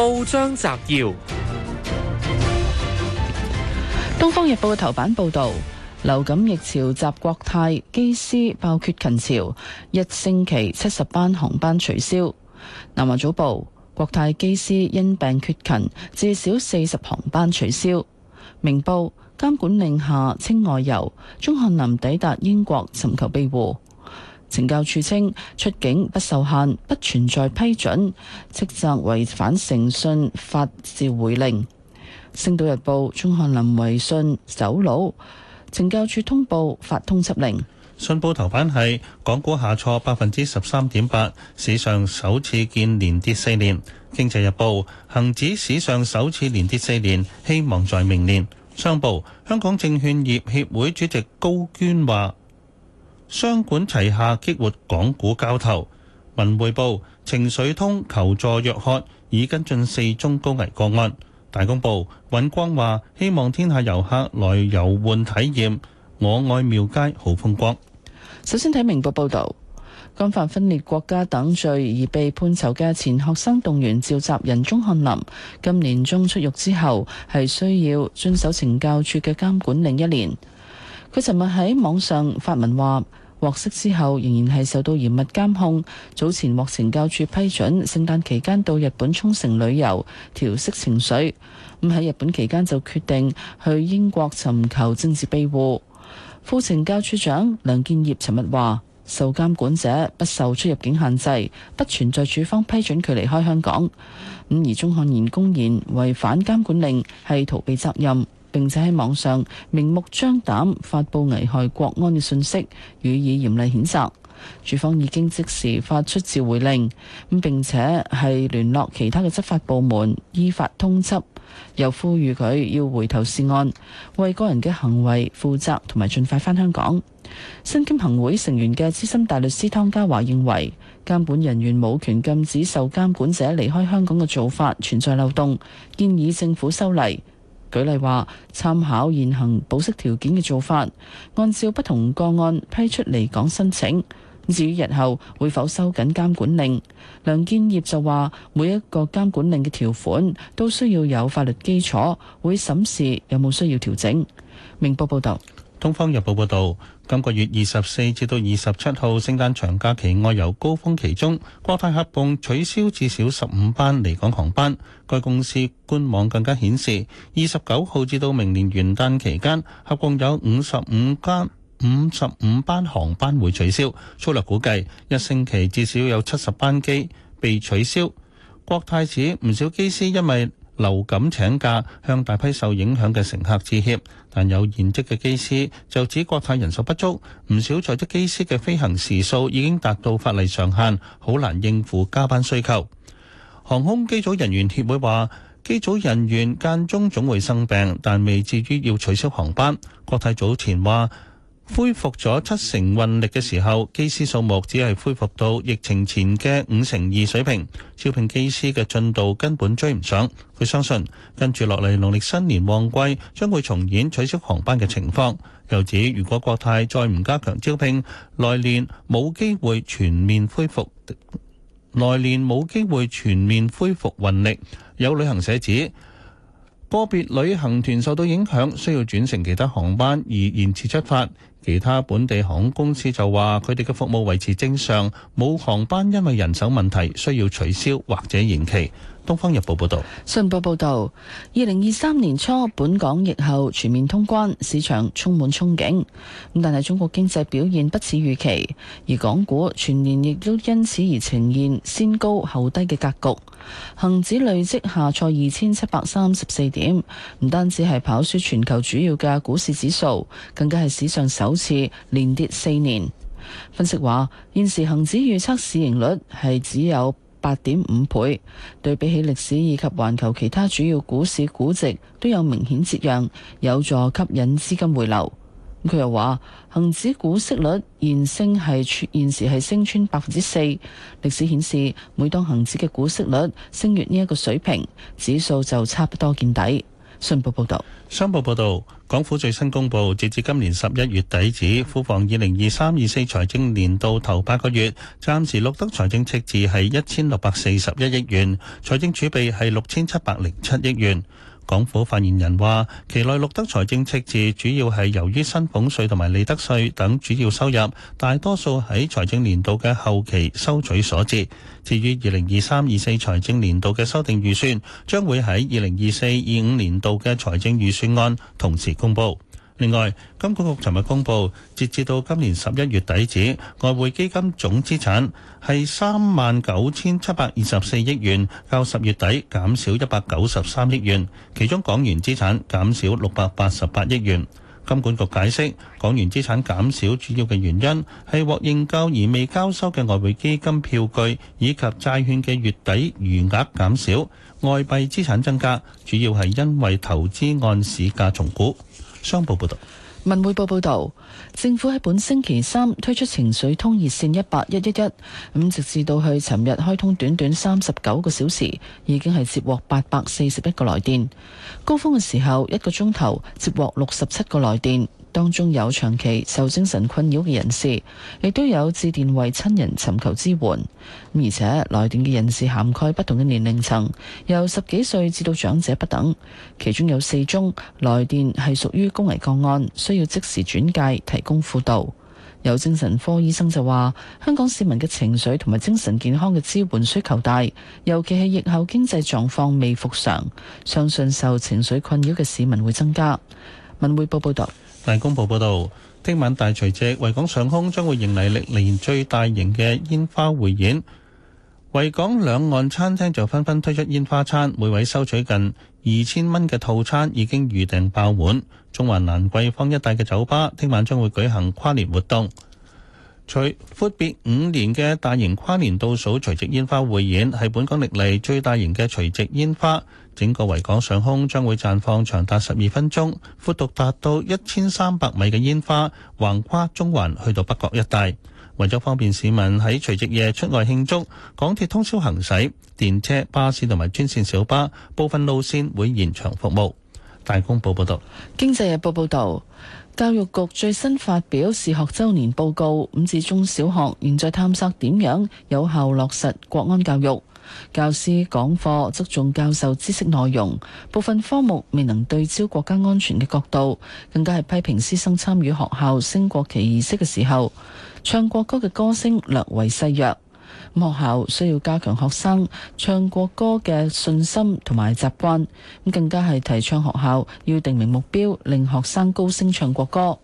報章摘要：《東方日報》嘅頭版報道，流感疫潮襲國泰機師，爆缺勤潮，一星期七十班航班取消。南華早報：國泰機師因病缺勤，至少四十班航班取消。明報：監管令下，清外遊，鍾翰林抵達英國尋求庇護。懲教處稱出境不受限，不存在批准，斥責違反誠信法撤回令。星島日報：鍾翰林維信走佬，懲教處通報發通緝令。信報頭版係港股下挫百分之十三點八，史上首次見連跌四年。經濟日報：恒指史上首次連跌四年，希望在明年。商報：香港證券業協會主席高娟話。雙管齊下激活港股交投。文匯報：情緒通求助約渴已跟進四宗高危個案。大公報：尹光話希望天下遊客來遊玩體驗我愛廟街好風光。首先睇明報報道，干犯分裂國家等罪而被判囚嘅前學生動員召集人鍾翰林，今年中出獄之後係需要遵守懲教處嘅監管另一年。佢尋日喺網上發文話。獲釋之後，仍然係受到嚴密監控。早前獲懲教處批准，聖誕期間到日本沖繩旅遊，調息情緒。咁喺日本期間就決定去英國尋求政治庇護。副懲教處長梁建業尋日話：受監管者不受出入境限制，不存在處方批准佢離開香港。咁而鍾翰林公然違反監管令，係逃避責任。並且喺網上明目張膽發布危害國安嘅信息，予以嚴厲譴責。署方已經即時發出召回令，咁並且係聯絡其他嘅執法部門，依法通緝，又呼籲佢要回頭是岸，為個人嘅行為負責，同埋盡快返香港。身兼行會成員嘅資深大律師湯家驊認為，監管人員冇權禁止受監管者離開香港嘅做法存在漏洞，建議政府修例。舉例話，參考現行保釋條件嘅做法，按照不同個案批出離港申請。至於日後會否收緊監管令，梁建業就話：每一個監管令嘅條款都需要有法律基礎，會審視有冇需要調整。明報報道。《東方日報》報導，今個月二十四至到二十七號聖誕長假期外遊高峰期中，國泰合共取消至少十五班離港航班。該公司官網更加顯示，二十九號至到明年元旦期間，合共有五十五間五十五班航班會取消。粗略估計，一星期至少有七十班機被取消。國泰指唔少機師因為流感請假，向大批受影響嘅乘客致歉，但有現職嘅機師就指國泰人手不足，唔少在職機師嘅飛行時數已經達到法例上限，好難應付加班需求。航空機組人員協會話，機組人員間中總會生病，但未至於要取消航班。國泰早前話，恢復咗七成運力嘅時候，機師數目只係恢復到疫情前嘅五成二水平，招聘機師嘅進度根本追唔上。佢相信跟住落嚟農曆新年旺季將會重演取消航班嘅情況。又指如果國泰再唔加強招聘，來年冇機會全面恢復，來年冇機會全面恢復運力。有旅行社指，個別旅行團受到影響，需要轉乘其他航班而延遲出發。其他本地航空公司就話，佢哋嘅服務維持正常，冇航班因為人手問題需要取消或者延期。東方日報報道，信報報道，二零二三年初，本港疫後全面通關，市場充滿憧憬。咁但係中國經濟表現不似預期，而港股全年亦都因此而呈現先高後低嘅格局。恒指累積下挫二千七百三十四點，唔單止係跑輸全球主要嘅股市指數，更加係史上首次連跌四年。分析話，現時恒指預測市盈率係只有八點五倍，對比起歷史以及環球其他主要股市估值，都有明顯折讓，有助吸引資金回流。佢又話，恒指股息率現升係現時係升穿百分之四，歷史顯示每當恒指嘅股息率升越呢一個水平，指數就差不多見底。信報報道，商報報道，港府最新公布，截至今年十一月底止，庫房二零二三二四財政年度頭八個月，暫時錄得財政赤字係一千六百四十一億元，財政儲備係六千七百零七億元。港府發言人話，期內錄得財政赤字，主要係由於薪俸稅同埋利得稅等主要收入，大多數喺財政年度嘅後期收取所致。至於二零二三二四財政年度嘅修訂預算，將會喺二零二四二五年度嘅財政預算案同時公布。另外，金管局尋日公布，截至到今年十一月底止，外匯基金總資產係三萬九千七百二十四億元，較十月底減少一百九十三億元。其中港元資產減少六百八十八億元。金管局解釋，港元資產減少主要嘅原因係獲認購而未交收嘅外匯基金票據，以及債券嘅月底餘額減少。外幣資產增加，主要係因為投資按市價重估。商報報道，文匯報報道，政府喺本星期三推出情緒通熱線一八一一一，咁直至到去尋日開通短短三十九個小時，已經係接獲八百四十一個來電，高峰嘅時候一個鐘頭接獲六十七個來電。當中有長期受精神困擾嘅人士，亦都有致電為親人尋求支援。而且來電嘅人士涵蓋不同嘅年齡層，由十幾歲至到長者不等。其中有四宗來電係屬於高危個案，需要即時轉介、提供輔導。有精神科醫生就話，香港市民嘅情緒同埋精神健康嘅支援需求大，尤其係疫後經濟狀況未復常，相信受情緒困擾嘅市民會增加。文匯報報道。大公報報導，聽晚大除夕，維港上空將會迎嚟歷年最大型嘅煙花匯演。維港兩岸餐廳就紛紛推出煙花餐，每位收取近二千蚊嘅套餐已經預訂爆滿。中環蘭桂坊一帶嘅酒吧，聽晚將會舉行跨年活動。除闊別五年嘅大型跨年倒數垂直煙花匯演係本港歷嚟最大型嘅垂直煙花，整個維港上空將會綻放長達十二分鐘、闊度達到一千三百米嘅煙花，橫跨中環去到北角一帶。為咗方便市民喺除夕夜出外慶祝，港鐵通宵行駛，電車、巴士同埋專線小巴部分路線會延長服務。大公報報道，《經濟日報》報道。教育局最新發表視學週年報告，五至中小學現在探索點樣有效落實國安教育。教師講課側重教授知識內容，部分科目未能對焦國家安全嘅角度，更加係批評師生參與學校升國旗儀式嘅時候，唱國歌嘅歌聲略為細弱。學校需要加強學生唱國歌嘅信心同埋習慣，咁更加係提倡學校要定明目標，令學生高聲唱國歌。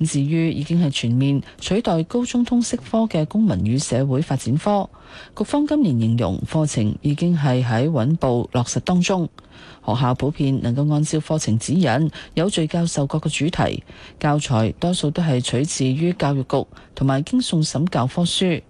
咁至於已經係全面取代高中通識科嘅公民與社會發展科，局方今年形容課程已經係喺穩步落實當中。學校普遍能夠按照課程指引有序教授各個主題，教材多數都係取自於教育局同埋經送審教科書。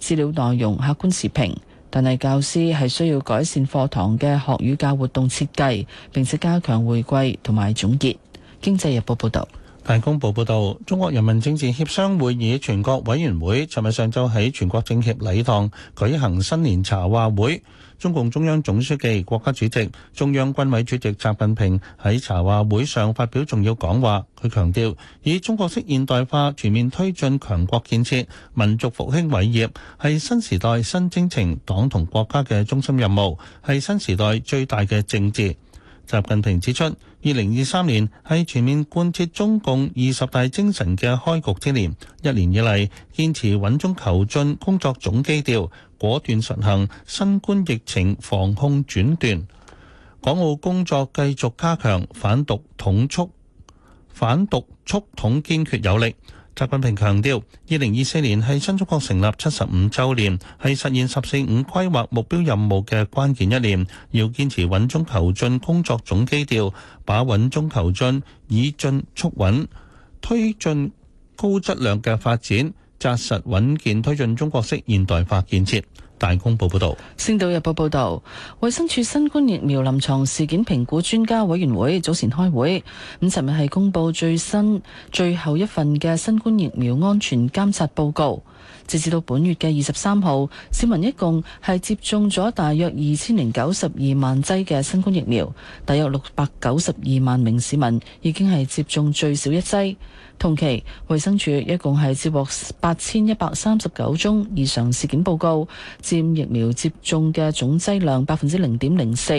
資料內容客觀持平，但係教師係需要改善課堂嘅學與教活動設計，並且加強回歸同埋總結。經濟日報報導。大公報報導，中國人民政治協商會議全國委員會尋日上晝喺全國政協禮堂舉行新年茶話會，中共中央總書記、國家主席、中央軍委主席習近平喺茶話會上發表重要講話。佢強調，以中國式現代化全面推進強國建設、民族復興偉業係新時代新征程黨同國家嘅中心任務，係新時代最大嘅政治。習近平指出，二零二三年係全面貫徹中共二十大精神嘅開局之年。一年以嚟，堅持穩中求進工作總基調，果斷實行新冠疫情防控轉段，港澳工作繼續加強反獨統促，反獨促統堅決有力。習近平強調，二零二四年係新中國成立七十五周年，係實現十四五規劃目標任務嘅關鍵一年，要堅持穩中求進工作總基調，把穩中求進以進促穩，推進高質量嘅發展，紮實穩健推進中國式現代化建設。大公報報道，《星島日報》報道，衛生署新冠疫苗臨床事件評估專家委員會早前開會，五尋日係公布最新，最後一份嘅新冠疫苗安全監察報告。截至到本月嘅二十三號，市民一共係接種咗大約二千零九十二萬劑嘅新冠疫苗，大約六百九十二萬名市民已經係接種最少一劑。同期，衛生署一共係接獲八千一百三十九宗異常事件報告，佔疫苗接種嘅總劑量百分之零點零四。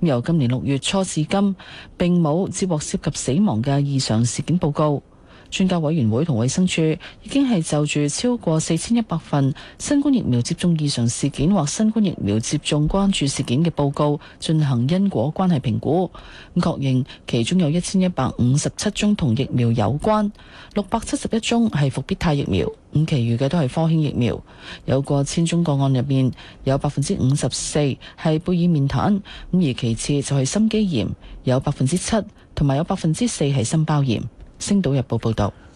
由今年六月初至今，並冇接獲涉及死亡嘅異常事件報告。專家委員會同衛生署已經係就住超過四千一百份新冠疫苗接種異常事件或新冠疫苗接種關注事件嘅報告進行因果關係評估，確認其中有一千一百五十七宗同疫苗有關，六百七十一宗係復必泰疫苗，咁，其餘嘅都係科興疫苗。有過千宗個案入面，有百分之五十四係貝爾面癱，咁而其次就係心肌炎，有百分之七，同埋有百分之四係心包炎。星島日報報道。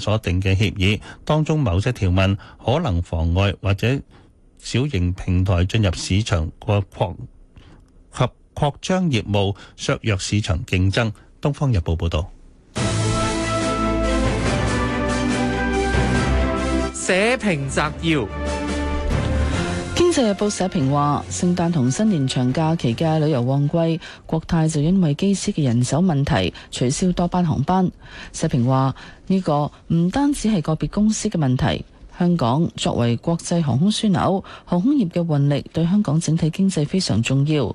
所定嘅協議當中某些條文可能妨礙或者小型平台進入市場或擴及擴張業務，削弱市場競爭，東方日報報道。社評摘要。經濟日報社評話，聖誕同新年長假期嘅旅遊旺季，國泰就因為機師嘅人手問題，取消多班航班。社評話呢個唔單止係個別公司嘅問題，香港作為國際航空樞紐，航空業嘅運力對香港整體經濟非常重要。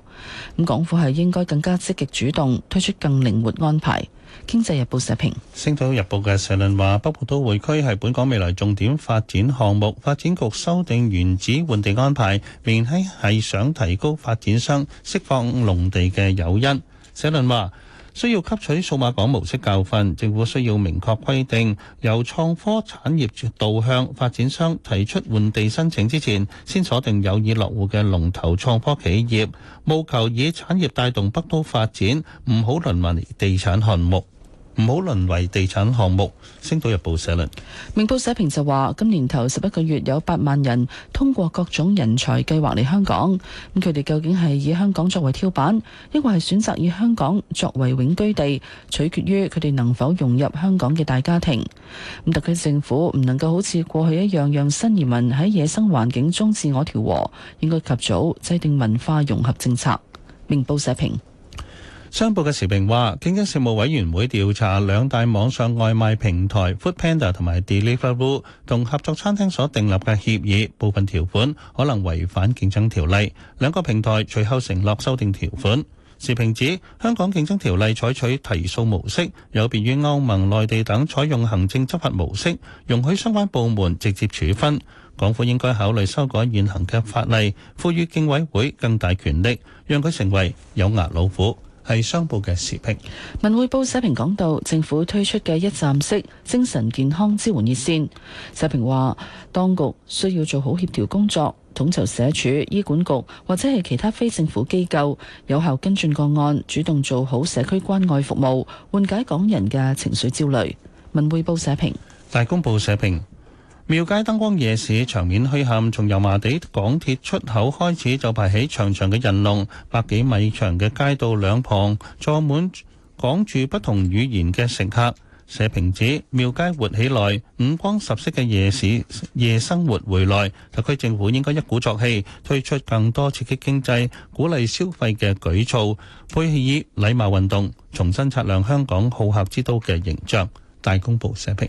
咁港府係應該更加積極主動，推出更靈活安排。經濟日報社評，《星島日報》嘅社論話：北部都會區係本港未來重點發展項目，發展局修訂原址換地安排，明顯係想提高發展商釋放農地嘅誘因。社論話，需要吸取數碼港模式教訓，政府需要明確規定，由創科產業導向發展商提出換地申請之前，先鎖定有意落戶嘅龍頭創科企業，務求以產業帶動北都發展，唔好淪為地產項目。唔好淪為地產項目。星島日報社論，明報社評就話：今年頭十一個月有八萬人通過各種人才計劃嚟香港，咁佢哋究竟係以香港作為跳板，抑或係選擇以香港作為永居地，取決於佢哋能否融入香港嘅大家庭。咁特區政府唔能夠好似過去一樣，讓新移民喺野生環境中自我調和，應該及早制定文化融合政策。明報社評。商報嘅時評話，競爭事務委員會調查兩大網上外賣平台 Foodpanda 同埋 Deliveroo，同合作餐廳所訂立嘅協議部分條款可能違反競爭條例。兩個平台隨後承諾修訂條款。時評指，香港競爭條例採取提訴模式，有別於歐盟、內地等採用行政執法模式，容許相關部門直接處分。港府應該考慮修改現行嘅法例，賦予競委會更大權力，讓佢成為有牙老虎。係商報嘅時評。文匯報社評講到政府推出嘅一站式精神健康支援熱線，社評話當局需要做好協調工作，統籌社署、醫管局或者係其他非政府機構，有效跟進個案，主動做好社區關愛服務，緩解港人嘅情緒焦慮。文匯報社評。大公報社評。廟街燈光夜市場面墟冚，從油麻地港鐵出口開始就排起長長嘅人龍，百幾米長嘅街道兩旁坐滿講住不同語言嘅食客。社評指廟街活起來，五光十色嘅夜市夜生活回來，特區政府應該一鼓作氣推出更多刺激經濟、鼓勵消費嘅舉措，配以禮貌運動，重新擦亮香港好客之都嘅形象。大公報社評。